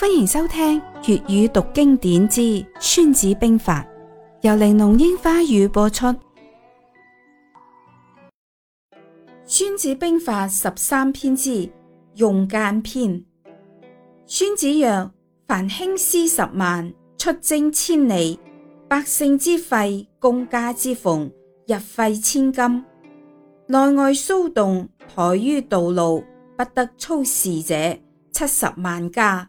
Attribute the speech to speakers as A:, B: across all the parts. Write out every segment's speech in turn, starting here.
A: 歡迎收聽粵語讀經典之《孫子兵法》，由玲瓏櫻花語播出。《孫子兵法》十三篇之《用間篇》，孫子曰：凡興師十萬，出征千里，百姓之費，公家之奉，日費千金。內外騷動，怠於道路，不得操事者，七十萬家。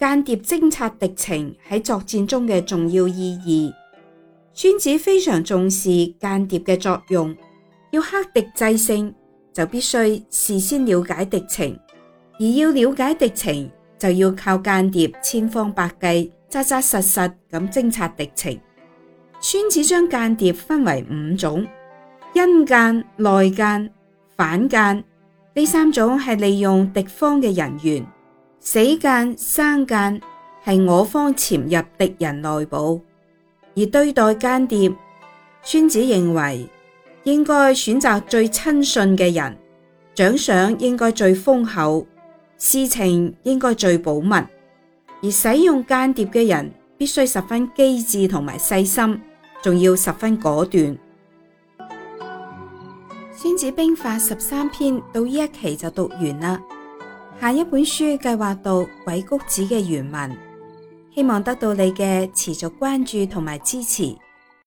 A: 間諜偵察敵情喺作戰中嘅重要意義，孫子非常重視間諜嘅作用。要克敵制勝，就必須事先了解敵情，而要了解敵情，就要靠間諜千方百計、紮扎實實咁偵察敵情。孫子將間諜分為五種：因間、內間、反間，呢三種係利用敵方嘅人員。死間、生間係我方潛入敵人內部。而對待間諜，孫子認為應該選擇最親信嘅人，獎賞應該最豐厚，事情應該最保密，而使用間諜嘅人必須十分機智同埋細心，仲要十分果斷。《孫子兵法》十三篇到呢一期就讀完啦。下一本書計劃到《鬼谷子》嘅原文，希望得到你嘅持續關注同埋支持。